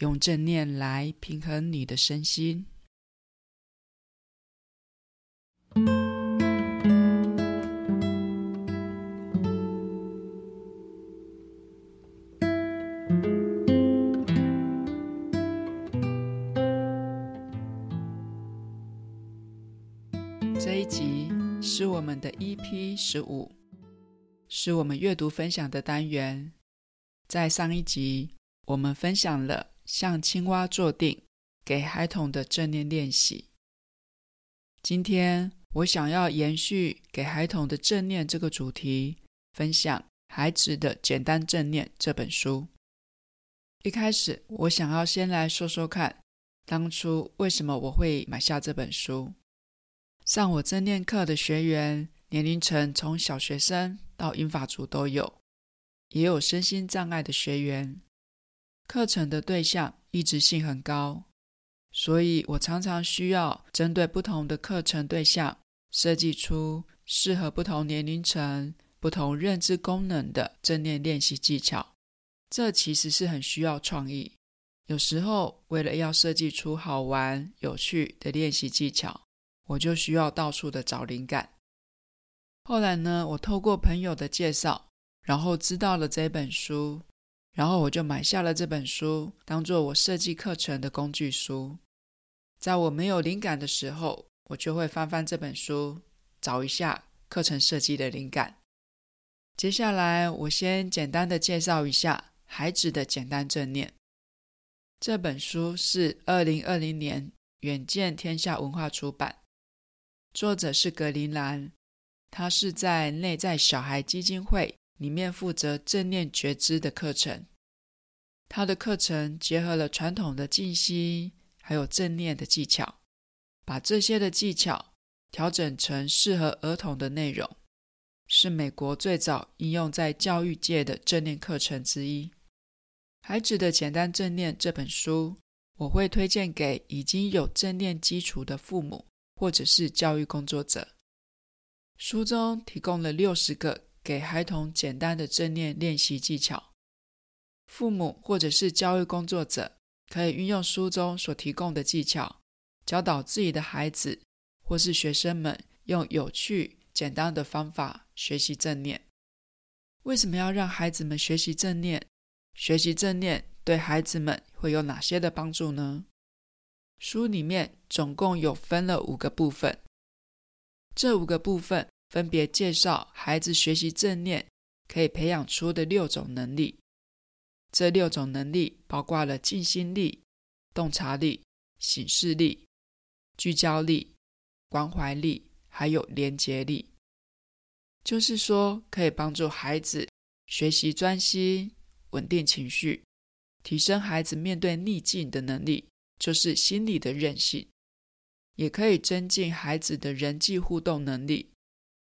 用正念來平衡你的身心。這一集是我們的 EP 15，是我們閱讀分享的單元。在上一集，我們分享了，像青蛙坐定，給孩童的正念練習。今天我想要延續給孩童的正念這個主題，分享《孩子的簡單正念》這本書。一開始，我想要先來說說看，當初為什麼我會買下這本書。上我正念課的學員年齡層從小學生到銀髮族都有，也有身心障礙的學員。課程的對象異質性很高，所以我常常需要針對不同的課程對象，設計出適合不同年齡層、不同認知功能的正念練習技巧。這其實是很需要創意。有時候，為了要設計出好玩有趣的練習技巧，我就需要到處的找靈感。後來呢，我透過朋友的介紹，然後知道了這本書。然後我就買下了這本書，當做我設計課程的工具書。在我沒有靈感的時候，我就會翻翻這本書，找一下課程設計的靈感。接下來，我先簡單的介紹一下《孩子的簡單正念》這本書，是二零二零年遠見天下文化出版，作者是格林蘭，他是在內在小孩基金會。裡面負責正念覺知的課程，他的課程結合了傳統的靜心還有正念的技巧，把這些的技巧調整成適合兒童的內容，是美國最早應用在教育界的正念課程之一。孩子的簡單正念這本書，我會推薦給已經有正念基礎的父母或者是教育工作者。書中提供了六十個。給孩童簡單的正念練習技巧，父母或者是教育工作者，可以運用書中所提供的技巧，教導自己的孩子或是學生們用有趣、簡單的方法學習正念。為什麼要讓孩子們學習正念？學習正念對孩子們會有哪些的幫助呢？書裡面總共有分了五個部分，這五個部分。分別介紹孩子學習正念可以培養出的六種能力。這六種能力包括了靜心力、洞察力、省視力、聚焦力、關懷力，還有連結力。就是說，可以幫助孩子學習專心、穩定情緒、提升孩子面對逆境的能力，就是心理的韌性，也可以增進孩子的人際互動能力。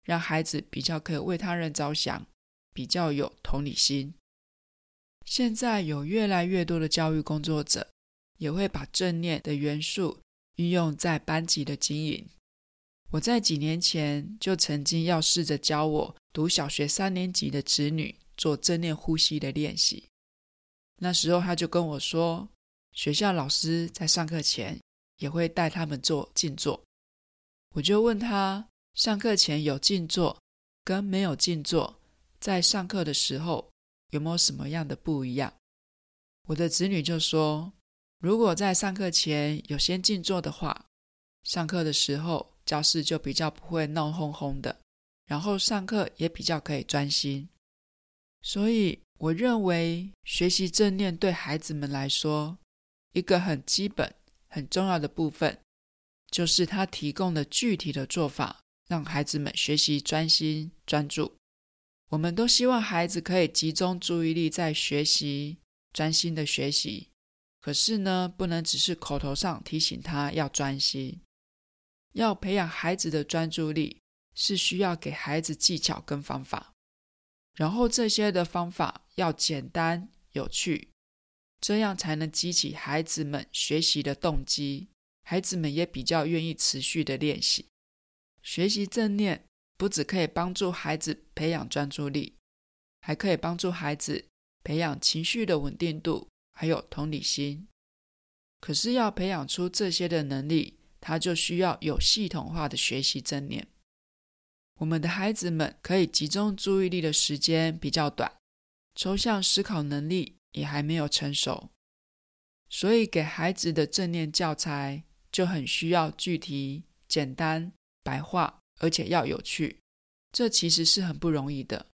讓孩子比較可以為他人着想，比較有同理心。現在有越來越多的教育工作者也會把正念的元素運用在班級的經營。我在幾年前就曾經要試着教我讀小學三年級的侄女做正念呼吸的練習。那時候他就跟我說，學校老師在上課前也會帶他們做靜坐。我就問他，上課前有靜坐，跟沒有靜坐，在上課的時候有沒有什麼樣的不一樣？我的子女就說，如果在上課前有先靜坐的話，上課的時候教室就比較不會鬧哄哄的，然後上課也比較可以專心。所以我認為，學習正念對孩子們來說，一個很基本、很重要的部分，就是他提供的具體的做法。讓孩子們學習專心、專注，我們都希望孩子可以集中注意力在學習、專心的學習。可是呢，不能只是口頭上提醒他要專心。要培養孩子的專注力，是需要給孩子技巧跟方法，然後這些的方法要簡單、有趣，這樣才能激起孩子們學習的動機，孩子們也比較願意持續的練習。學習正念不只可以幫助孩子培養專注力，還可以幫助孩子培養情緒的穩定度，還有同理心。可是要培養出這些的能力，它就需要有系統化的學習正念。我們的孩子們可以集中注意力的時間比較短，抽象思考能力也還沒有成熟，所以給孩子的正念教材就很需要具體、簡單。白話，而且要有趣，這其實是很不容易的。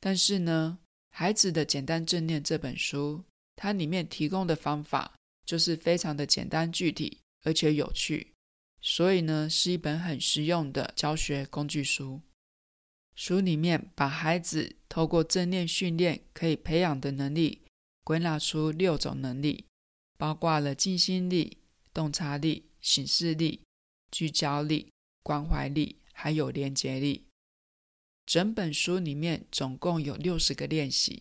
但是呢，《孩子的簡單正念》這本書，它裡面提供的方法就是非常的簡單、具體，而且有趣，所以呢，是一本很實用的教學工具書。書裡面把孩子透過正念訓練可以培養的能力，歸納出六種能力，包括了靜心力、洞察力、省視力、聚焦力。關懷力還有連接力。整本書裡面總共有六十個練習，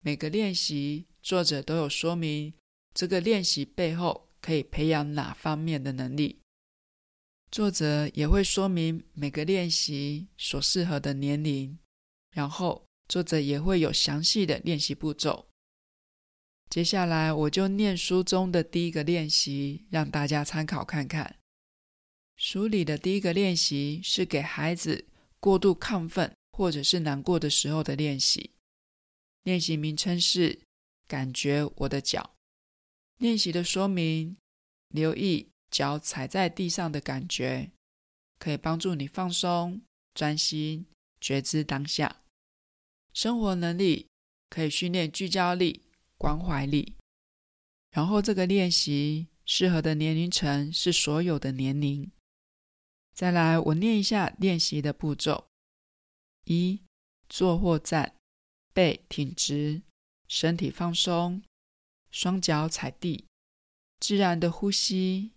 每個練習作者都有說明這個練習背後可以培養哪方面的能力。作者也會說明每個練習所適合的年齡，然後作者也會有詳細的練習步驟。接下來我就念書中的第一個練習，讓大家參考看看。書裡的第一個練習是給孩子過度亢奮或者是難過的時候的練習。練習名稱是“感覺我的腳”。練習的說明：留意腳踩在地上的感覺，可以幫助你放鬆、專心、覺知當下。生活能力可以訓練聚焦力、關懷力。然後這個練習適合的年齡層是所有的年齡。再來，我念一下練習的步驟：一、坐或站，背挺直，身體放鬆，雙腳踩地，自然的呼吸，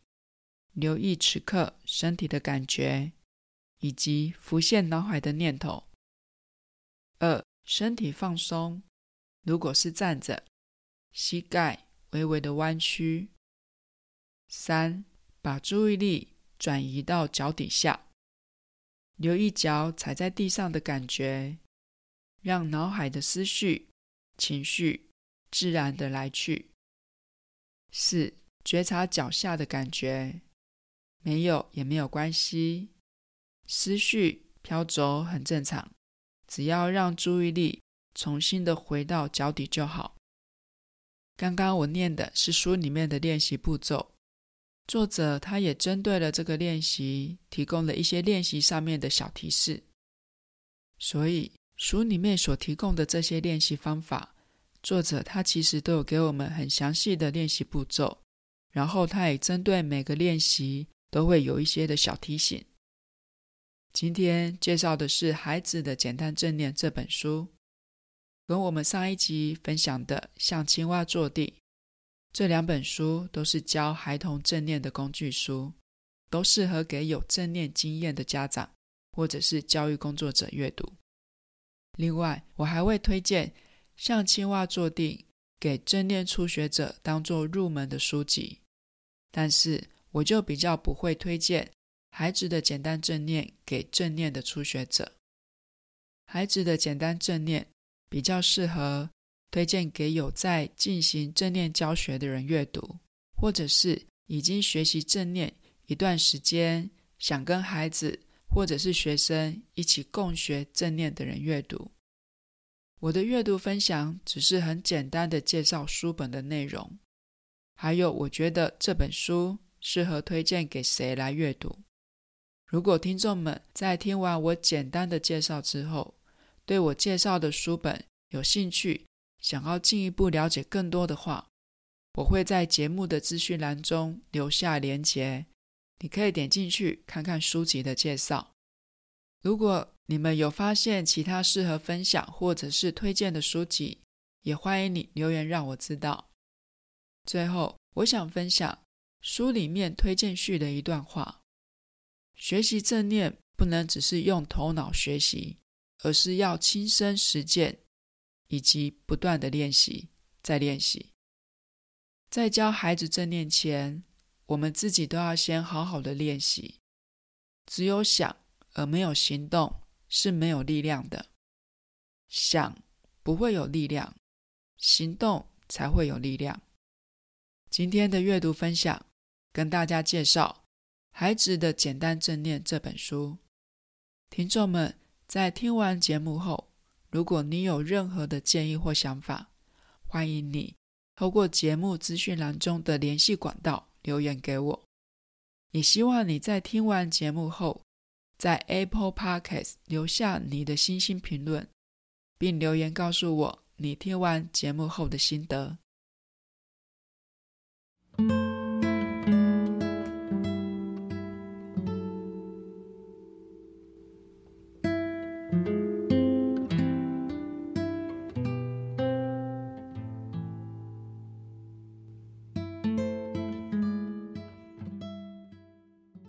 留意此刻身體的感覺以及浮現腦海的念頭。二、身體放鬆，如果是站着，膝蓋微微的彎曲。三、把注意力。轉移到腳底下，留一腳踩在地上的感覺，讓腦海的思緒、情緒自然的來去。四、覺察腳下的感覺，沒有也沒有關係，思緒飄走很正常，只要讓注意力重新的回到腳底就好。剛剛我念的是書裡面的練習步驟。作者他也針對了這個練習，提供了一些練習上面的小提示。所以書裡面所提供的這些練習方法，作者他其實都有給我們很詳細的練習步驟。然後他也針對每個練習都會有一些的小提醒。今天介紹的是《孩子的簡單正念》這本書，跟我們上一集分享的《像青蛙坐定》。這兩本書都是教孩童正念的工具書，都適合給有正念經驗的家長或者是教育工作者閱讀。另外，我還會推薦《像青蛙坐定》給正念初學者當做入門的書籍，但是我就比較不會推薦《孩子的簡單正念》給正念的初學者，《孩子的簡單正念》比較適合。推薦給有在進行正念教學的人閱讀，或者是已經學習正念一段時間，想跟孩子或者是學生一起共學正念的人閱讀。我的閱讀分享只是很簡單的介紹書本的內容，還有我覺得這本書適合推薦給誰來閱讀。如果聽眾們在聽完我簡單的介紹之後，對我介紹的書本有興趣。想要進一步了解更多的話，我會在節目的資訊欄中留下連結，你可以點進去看看書籍的介紹。如果你們有發現其他適合分享或者是推薦的書籍，也歡迎你留言讓我知道。最後，我想分享書裡面推薦序的一段話：學習正念不能只是用頭腦學習，而是要親身實踐。以及不斷的練習，再練習。在教孩子正念前，我們自己都要先好好的練習。只有想而沒有行動，是沒有力量的，想不會有力量，行動才會有力量。今天的閱讀分享，跟大家介紹《孩子的簡單正念》這本書。聽眾們在聽完節目後，如果你有任何的建議或想法，歡迎你透過節目資訊欄中的聯繫管道留言給我。也希望你在聽完節目後，在 Apple Podcast 留下你的星星評論，並留言告訴我你聽完節目後的心得。